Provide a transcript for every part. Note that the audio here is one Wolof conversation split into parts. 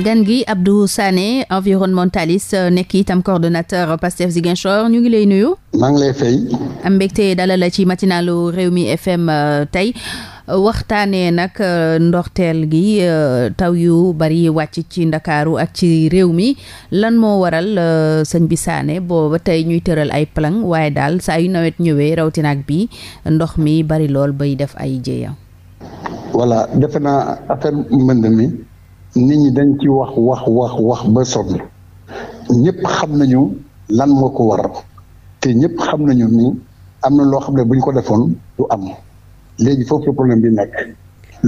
gan gi Abdou Sané environnementaliste euh, nekk itam coordonnateur euh, Pastef Ziguinchor ñu ngi lay nuyu. maa ngi lay fay. am mbégte dalal la ci matinalu Rewmi FM euh, tey waxtaanee nag ndorteel gi taw yu bari wàcc ci ndakaaru ak ci réew mi lan moo waral sëñ bi Sané booba tey ñuy tëral ay plan waaye daal saa yu nawet ñëwee rawatina bi ndox mi bari lool bay def ay jéeya. voilà defe naa affaire mbënd mi. nit ñi dañ ci wax wax wax wax ba sonn ñëpp xam nañu lan moo ko war te ñëpp xam nañu ni am na loo xam ne buñ ko defoon du am léegi foofu la problème bi nekk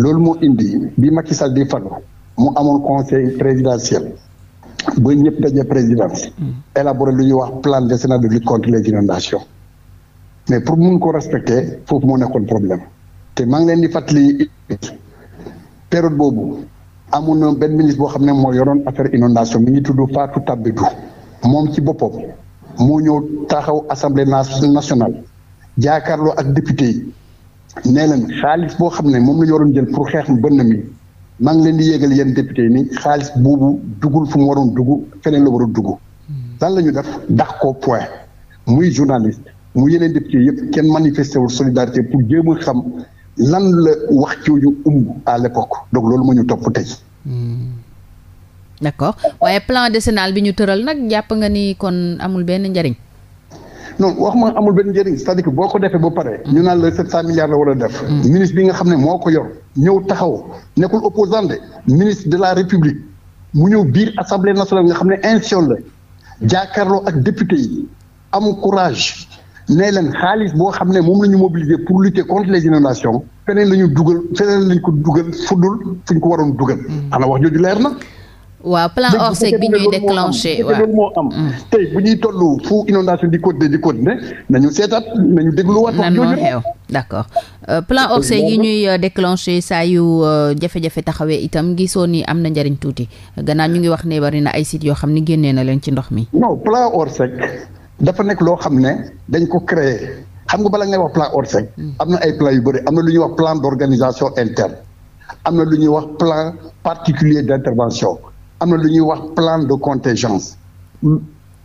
loolu moo indi bi Macky Sall di falu mu amoon conseil présidentiel ba ñëpp daje présidence mm. élaborer lu ñuy wax plan décennal de lutte contre les inondations mais pour mun ko respecter foofu moo nekkoon problème te maa leen di fàttali période boobu amoon na benn ministre boo xam ne mooy yoroon affaire inondation mi ngi tudd Fatou Tabidou moom ci boppam moo ñëw taxaw assemblée nationale jaakaarloo ak député yi nee leen xaalis boo xam ne moom la ñu waroon jël pour xeex bënn mi maa ngi leen di yéegal yéen député yi ni xaalis boobu dugul fu mu waroon dugg feneen la war a dugg hmm. la ñu def dax ko point muy journaliste mu yeneen député yëpp kenn manifesté wul solidarité pour jéem a xam lan la wax jooju umb à l'époque donc loolu ma ñu topp tey. d'accord waaye plan décennal bi ñu tëral nag jàpp nga ni kon amul benn njariñ. noon wax ma amul benn njëriñ c'est-à-dire que boo ko defee ba pare. ñu naan la 700 milliards la def. Mm. Mm. ministre bi nga xam ne moo ko yor ñëw taxaw nekkul opposant de ministre de la république mu ñëw biir assemblée nationale nga xam ne institution la jàkkarloo ak député yi am courage ne leen xaalis boo xam ne moom la ñu mobiliser pour lutter contre les inondations feneen la ñu dugal feneen la ko dugal fuddul fu ñu ko waroon dugal. xanaa mm. wax jooju leer na. waaw plan Orsec bi ñuy déclenché waaw am mm. tey toll fu inondation di continuer di continuer nañu seetaat nañu dégluwaat. Euh, yi ñuy euh, déclenché saa yu euh, jafe-jafe taxawee itam gisoo ni am na njariñ tuuti gannaaw ñu ngi wax ne bari na ay sites yoo xam ne génnee na leen ci ndox mi. dafa nekk loo xam ne dañ ko créer xam nga bala ngay wax plan ORSEC hmm. am na ay plan yu bëri am na lu ñuy wax plan d'organisation interne am na lu ñuy wax plan particulier d'intervention am na lu ñuy wax plan de contingence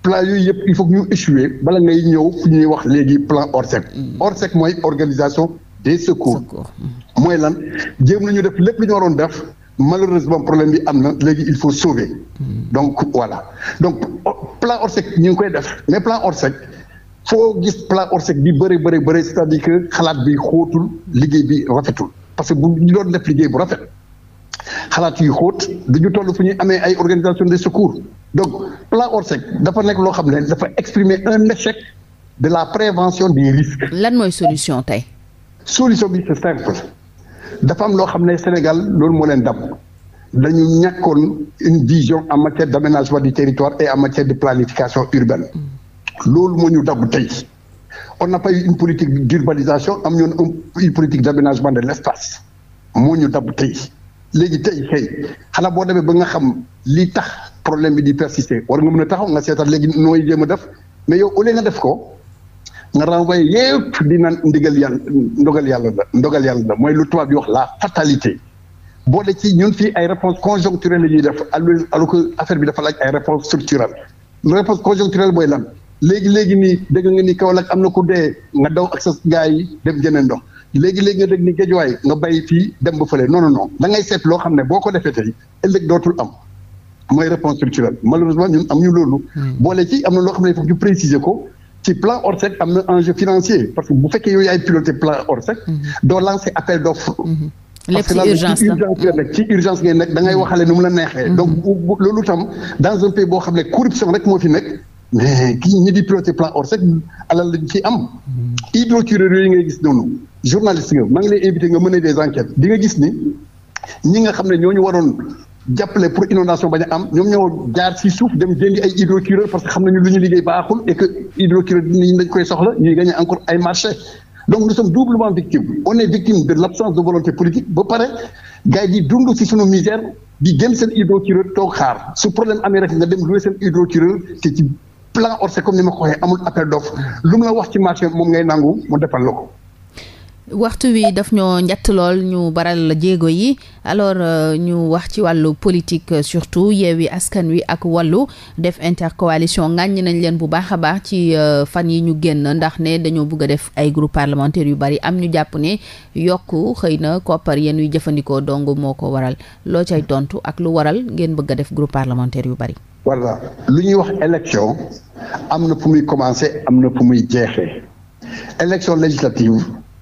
plan yooyu yëpp il faut que ñu échouer bala ngay ñëw fu ñuy wax léegi plan ORSEC hmm. ORSEC mooy organisation des secours hmm. mooy lan jéem ñu def lépp lu ñu waroon def malheureusement problème bi am na léegi il faut sauver hmm. donc voilà donc plan Orsec ñu ngi koy def mais plan Orsec foo gis plan Orsec bi bëri bëri bëri c'est-à-dire que xalaat bi xóotul liggéey bi rafetul parce que bu ñu doon def liggéey bu rafet xalaat yu du ñu toll fu ñu amee ay organisation de secours donc plan Orsec dafa nekk loo xam ne dafa exprimer un échec de la prévention des risques. lan mooy solution tey. solution bi c'est simple. dafa am loo xam ne Sénégal loolu moo leen dab dañu ñàkkoon une vision en matière d' aménagement du territoire et en matière de planification urbaine loolu moo ñu dab tey on n'a pas eu une politique d'urbanisation am ñoon une politique d' de l' espace moo ñu dab tey léegi tey xëy xanaa boo demee ba nga xam li tax problème bi di persister war nga mun a taxaw nga seetal léegi nooy jéem a def mais yow au lieu nga def ko nga renvoyé yëpp di naan ndigal yàlla ndogal yàlla la ndogal yàlla mooy lu tubaab di wax la fatalité boole ci ñun fi ay réponse conjoncturelle la ñuy def alors que affaire bi dafa laaj ay réponse structurelle réponse conjoncturelle booy lan léegi léegi nii dégg nga ni Kaolack am na ku dee nga daw ak sa gars yi dem jëneen ndox léegi léegi nga dégg ni géejuwaay nga bay fii dem ba fële non non da ngay seet loo xam ne boo ko defee tey ëllëg dootul am mooy réponse structurelle malheureusement ñun am ñu loolu. Hmm. boole ci am na loo xam ne foofu ñu préciser ko. ci plan ORSEC am na enjeu financier parce que bu fekkee yow yaay piloté plan ORSEC. Mhm. doo lancé appel d'offre. Mhm. lépp ci urgence la parce ci urgence ngay nekk da ngay mhm. waxale nu mu la neexee. donc loolu tam dans un pays boo xam ne corruption rek moo fi nekk. mais ki ñi di piloté plan ORSEC alal lañ ci am. hydrocureur yooyu ngay gis noonu. journaliste nga man ngi lay invité nga mën mener des enquêtes di nga gis ni ñi nga xam ne ñooñu waroon jàppale pour inondation bañ a am ñoom ñoo jaar ci suuf dem jëndi ay hydrocureur parce que xam nañu lu ñu liggéey baaxul et que hydrocureur koy soxla ñuy gagné encore ay marché donc nous sommes doublement victimes on victime de l'absence de volonté politique ba pare gars yi di dund ci suñu misère di gëm seen hydrocureur toog xaar su problème amee rek nga dem lu seen hydrocureur te ci plan Orsec comme ni ma ko waxee amul appel d'offre lu mu la wax ci marché moom ngay nangu mu ko waxtu wi daf ñoo njatt lool ñu baral jéego yi alors euh, ñu wax ci wàllu politique euh, surtout yi Askan Wi ak wàllu def intercoalition ŋàññi nañ leen bu baax a baax ci euh, fan yi ñu génn ndax ne dañoo bëgg a def ay groupe parlementaire yu bari am ñu jàpp ne yokk xëy na koppar yéen yuy jëfandikoo dong moo ko waral loo cay tontu ak lu waral ngeen bëgg a def groupe parlementaire yu bari. voilà lu ñuy wax élection am na fu muy commencer am na fu muy jeexee élection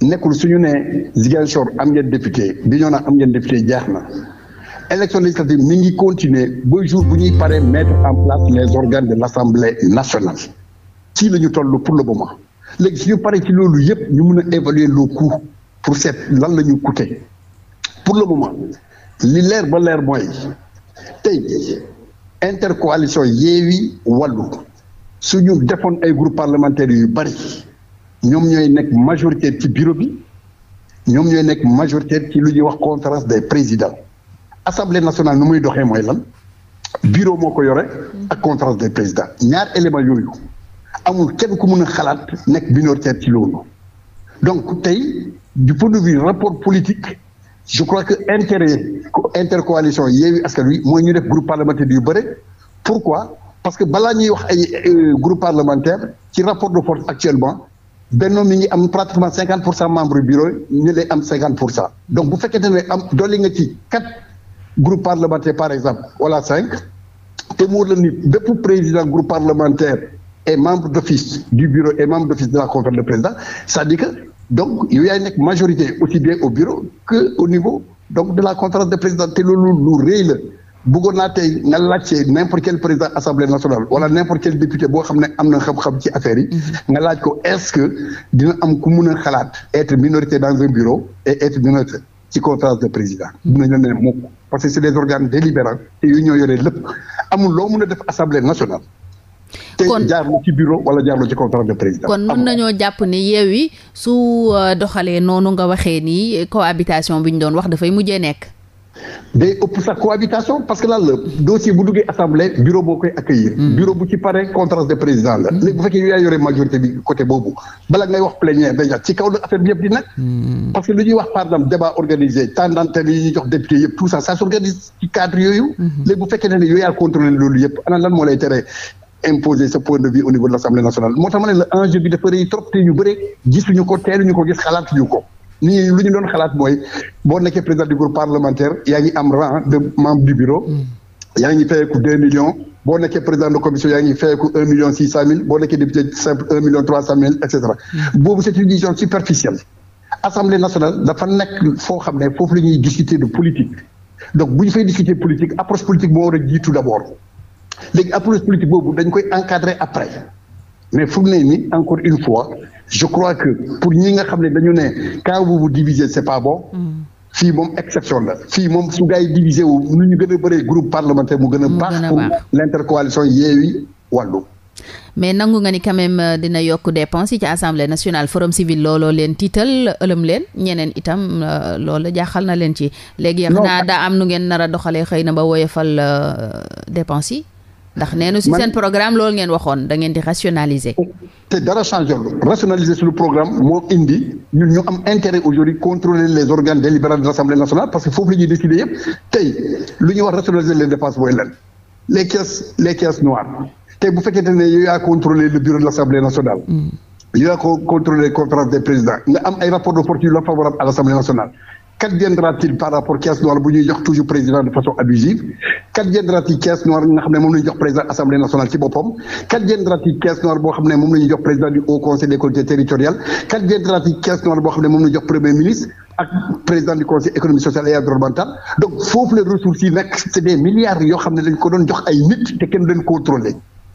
nekkul suñu ne Ziguinchor am ngeen député Bignona am ngeen député jeex na élection législative ni ngi continuer ba jour bu ñuy paree mettre en place les organes de l'Assemblée nationale ci la ñu toll pour le moment léegi suñu paree ci loolu yëpp ñu mun a évaluer le coût pour seet lan la ñu coûter pour le moment li leer ba leer mooy tey intercoalition Yewwi Wallu suñu defoon ay groupe parlementaire yu bari ñoom ñooy nekk majoritaire ci bureau bi ñoom ñooy nekk majoritaire ci lu ñuy wax conférence des présidents assemblée nationale nu muy doxee mooy lan bureau moo ko yore ak conférence des présidents ñaar élément yooyu amul kenn ku mun a xalaat nekk minoritaire ci loolu donc tey du point de vue rapport politique je crois que intérêt intercoalition Yewwi Askan Wi mooy ñu def groupe parlementaire yu bëri pourquoi parce que balaa ñuy wax ay euh, groupe parlementaire ci rapport de force actuellement Benno mi ngi am pratiquement cinquante pour cent membres bureau ñu lay am cinquante pour cent donc bu fekkente ne am dolli nga ci quatre groupes parlementaires par exemple wala cinq te mu wóor la ni bépp président groupe parlementaire et membre d'office du bureau et membre d'office de la conférence de président c'est-à-dire que donc yow yaay nekk majorité aussi bien au bureau que au niveau donc de la conférence de président te loolu lu rëy la bëggoon naa tey nga laajte n'importe quel président assemblée nationale wala n'importe quel député boo xam ne am na xam-xam ci affaire yi. Mhm. nga laaj ko est-ce que dina am ku mun a xalaat etre minorité dans un bureau et être minorité ci conférence de président. Mhm. dinañ la ne mukk parce que c'est des organes délibérants te yooyu ñoo yore lépp amul loo mun a def assemblée nationale. kon jaarlu ci bureau wala jaarlu ci conférence de président. kon mën nañoo jàpp ne Yewwi su euh, doxalee noonu nga waxee nii cohabitation bi ñu doon wax dafay mujjee nekk. day ëpp sax cohabitation parce que lan la dossier bu duggee assemblée bureau boo koy accueillir. Hmm. bureau bu ci pare conférence de président la. Hmm. léegi bu fekkee yow yaa yore majorité bi hmm. lu ñuy wax par loolu yëpp ana lan moo lay tere. imposer ce point de vue au niveau de l'Assemblée nationale moo tax ma ne la enjeu bi dafa rëy trop te ñu gisuñu ko teeluñu ko gis xalaatuñu ko nii lu ñu doon xalaat mooy boo nekkee président du groupe parlementaire yaa ngi am rang de membre du bureau. Mm. yaa ngi fayeeku deux millions. boo nekkee président de commission yaa ngi fayeeku un million six cent mille boo nekkee député simple un million trois cent mille et cetera. Mm. boobu c'est une vision superficielle. assemblée nationale dafa nekk foo xam ne foofu la ñuy discuter de politique. donc bu ñu fay discuter politique approche politique moo war a jiitu d'abord léegi approche politique boobu dañ koy encadrer après. mais fu mu ne nii encore une fois je crois que pour ñi nga xam ne dañu ne cas bu bu diviser c'est pas bon. Mm. fii moom exception la. fii moom su gars yi divisé wu nu ñu gën a bëree groupe parlementaire mu gën a baax pour l'intercoalition Yewwi Wallu. mais nangu nga ni quand euh, dina yokk dépense yi ci assemblée nationale forum civil looloo leen tiital ëlëm leen ñeneen itam euh, loola jaaxal na leen ci. léegi yàq naa daa am nu ngeen nar a doxalee xëy na ba euh, ndax neenu si seen programme loolu ngeen waxoon da ngeen di rationaliser. te dara changé rationaliser sur le programme moo indi ñun ñu am intérêt aujourd'hui contrôler les organes délibérants de l'Assemblée nationale parce que foofu la ñuy décider yëpp tey lu ñuy wax rationaliser les dépenses booy lan les caisses les caisses noires tey bu fekkente ne yow yaa contrôler le bureau de l'Assemblée nationale. Mm. yow yaa ko contrôler conférence des présidents qu'adviendra-t-il par rapport caisse noire bu ñuy toujours président de façon abusive qu'adviendra-t-il nga xam ne moom la président assemblée nationale ci boppam qu'adviendra-t-il caisse noire boo xam président du haut conseil des collectivités territoriales qu'adviendra-t-il caisse noire boo xam ne premier ministre ak président du conseil économique social et environnemental donc foofu les ressources yi nag des milliards yoo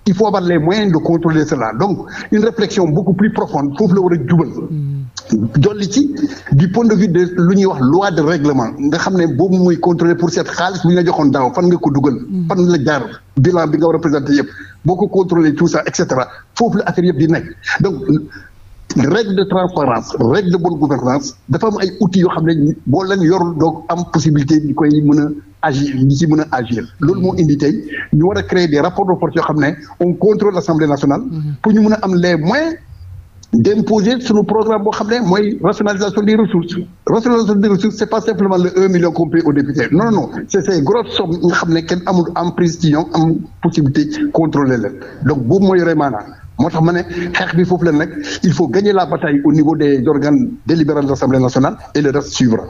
il faut avoir les moyens de contrôler cela donc une réflexion beaucoup plus profonde foofu la war a jubal. Mm. dolli ci du point de lu ñuy wax loi de règlement nga xam ne boobu mooy contrôler pour seet xaalis bu ñu joxoon daaw fan nga ko dugal. Mm. fan la jaar bilan bi nga war a présenté yëpp boo ko contrôler tout ça et cetera foofu la affaire yëpp di nekk donc. règle de transparence règle de bonne gouvernance dafa am ay outils yoo xam ne boo leen yorul doo am possibilité di koy mën a agir di ci mën a agir loolu moo indi tey ñu war a créer des rapports de force yoo xam ne on contrôle l'Assemblée nationale mhm. pour ñu mën a am les moyens d'imposer suñu programme boo xam ne mooy rationalisation des ressources rationalisation des ressources c'est pas simplement le un million qu'on paie aux députés non non c'est ces grosses ci ñoom am possibilité contrôler leen donc boobu mooy moo tax ma ne xeex bi foofu la nekk il faut gagner la bataille au niveau des organes délibérants de l'Assemblée nationale et le reste suivra.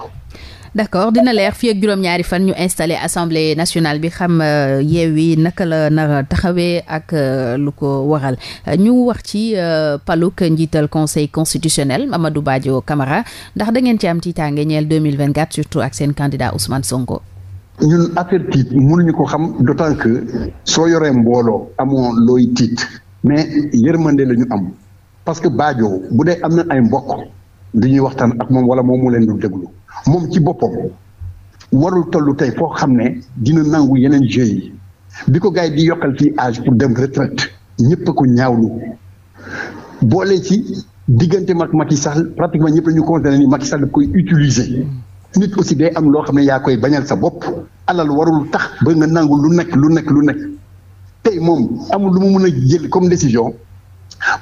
d'accord dina leer fii ak juróom-ñaari fan ñu installé assemblée nationale bi xam euh, Yewwi naka la nar taxawee ak euh, lu ko waral ñu wax ci euh, paluk njiital conseil constitutionnel Mamadou Badio kamara ndax da ngeen ci am tiitaange ñeel 2024 surtout ak seen candidat Ousmane Sonko. ñun affaire tiit mënuñu ko xam d'autant que soo yoree mbooloo amoo looy mais yërmande la am parce que Badio bu dee am na ay mbokk du ñuy waxtaan ak moom wala moom mu leen du déglu moom ci boppam warul tollu tey foo xam ne dina nangu yeneen jeux yi bi ko gars yi di yokkal fii âge pour dem retraite ñëpp a ko ñaawlu boolee ci diggante mag Macky Sall pratiquement ñëpp la ñu considéré ni Macky Sall koy utiliser nit aussi day am loo xam ne yaa koy bañal sa bopp alal warul tax ba nga nangu lu nekk lu nekk lu nekk. tey moom amul lu mu mun a jël comme décision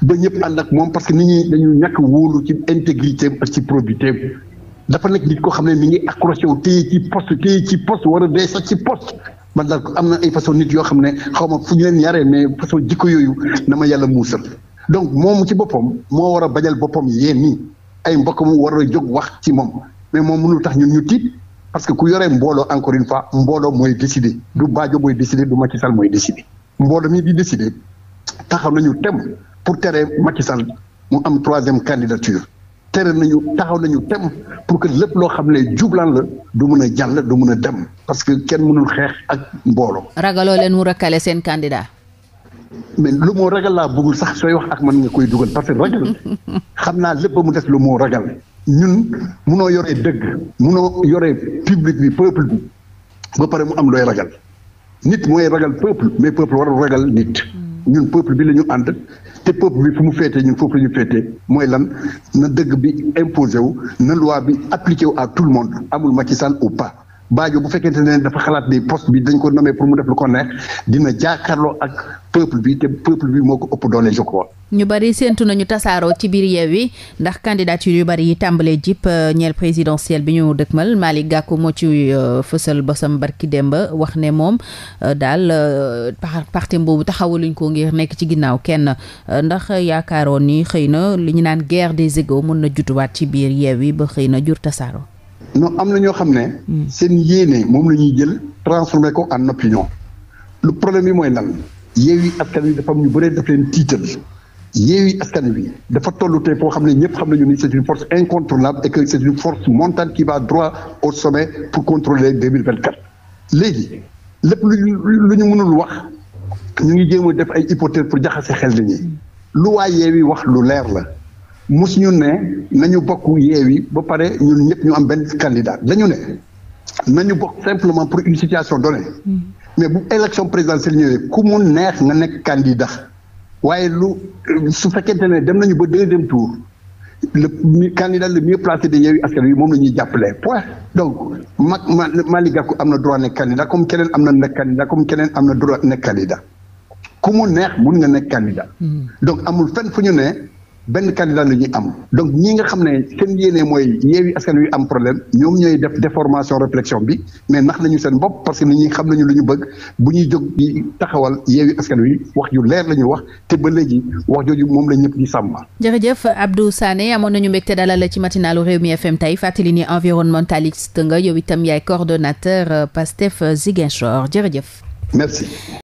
ba ñëpp ànd ak moom parce que nit ñi dañu ñàkk wóolu ci intégrité ak ci probité dafa nekk nit koo xam ne mi ngi accroché wu téye ci poste téye ci poste war a dee ci poste man daal am na ay façon nit yoo xam ne xaw ma fu ñu leen yaree mais façon jikko yooyu na ma yàlla muusal donc moom ci boppam moo war a bañal boppam yéen nii ay mbokk mu war a jóg wax ci moom mais moom mënul tax ñun ñu tiit parce que ku yoree mbooloo encore une fois mbooloo mooy décider du Badio mooy décider du Macky Sall mooy décider. mbooloo mi bi décider taxaw nañu tem pour tere Macky Sall mu am troisième candidature tere nañu taxaw nañu tem pour que lépp loo xam ne jublaan la du mën a jàll du mun a dem parce que kenn mënul xeex ak mbooloo. ragaloo leen mu rakkale seen candidat. mais lu moo ragal laa bëggul sax sooy wax ak man nga koy dugal parce que ragal xam naa lépp ba mu des lu mu ragal ñun munoo yoree dëgg munoo yoree public bi peuple bi ba pare mu am looy ragal. nit mooy ragal peuple mais peuple war a ragal nit ñun peuple bi la ñu ànd te peuple bi fu mu féetee ñun foofu la ñu féetee mooy lan na dëgg bi imposé wu na loi bi appliqué wu à tout le monde amul Macky Sall ou pas Badio bu fekkente ne dafa xalaat ni post bi dañ ko nommé pour mu def lu ko neex dina jàkkaarloo ak peuple bi te peuple bi moo ko ëpp doole je ñu bari séentu nañu tasaaroo ci biir yi ndax candidature yu bari yi tàmbalee jip euh, ñeel présidentielle bi ñu dëkkmal Malick gàkku moo ci euh, fësal bosam barki Demba wax ne moom euh, daal parti boobu taxawaluñ ko ngir nekk ci ginnaaw kenn ndax yaakaaroon ni xëy na li ñu naan guerre des égos mën na jutuwaat ci biir yi ba xëy na jur tasaaroo. non am na ñoo xam ne. Hmm. seen yéene moom la ñuy jël transformé ko en opinion. le problème bi mooy lan Yewwi Askan Yewwi Askan Wi dafa tollu tey foo xam ne ñëpp xam nañu ni c'est une force incontournable et que c'est une force montante qui va droit au sommet pour contrôler 2024 léegi lépp luñu lu ñu mënul wax ñu ngi jéem a def ay hypothèses pour jaxase xel ni ñi lu waa Yewwi wax lu leer la mosu ñu ne nañu bokk Yewwi ba pare ñun ñëpp ñu am benn candidat dañu ne nañu bokk simplement pour une situation donnée mm. mais bu élection présidentielle ku mu neex nga nekk candidat waaye lu su fekkente ne dem nañu ba deuxième tour le candidat le mieux placé de Yewwi Askan Wi moom la ñuy jàppale point donc ma ma Malick Gakou am na droit nekk candidat comme keneen am na nekk candidat comme keneen am na droit nekk candidat ku mu neex mun nga nekk candidat hmm. donc amul fenn fu ñu ne benn candidat lu ñuy am donc ñi nga xam ne seen yéene mooy yeewi askan wi am problème ñoom ñooy def déformation réflexion bi mais nax nañu seen bopp parce que ni ñi xam nañu lu ñu bëgg bu ñuy jóg di taxawal yeewi askan wi wax ju leer la ñuy wax te ba léegi wax jooju moom la ñëpp di sàmm. jërëjëf Abdou Sané amoon nañu te dalal la ci matinalu mi FM tey fàttali ni environnementaliste nga yow itam yaay coordonnateur euh, PASTEF euh, Ziguinchor jërëjëf. merci.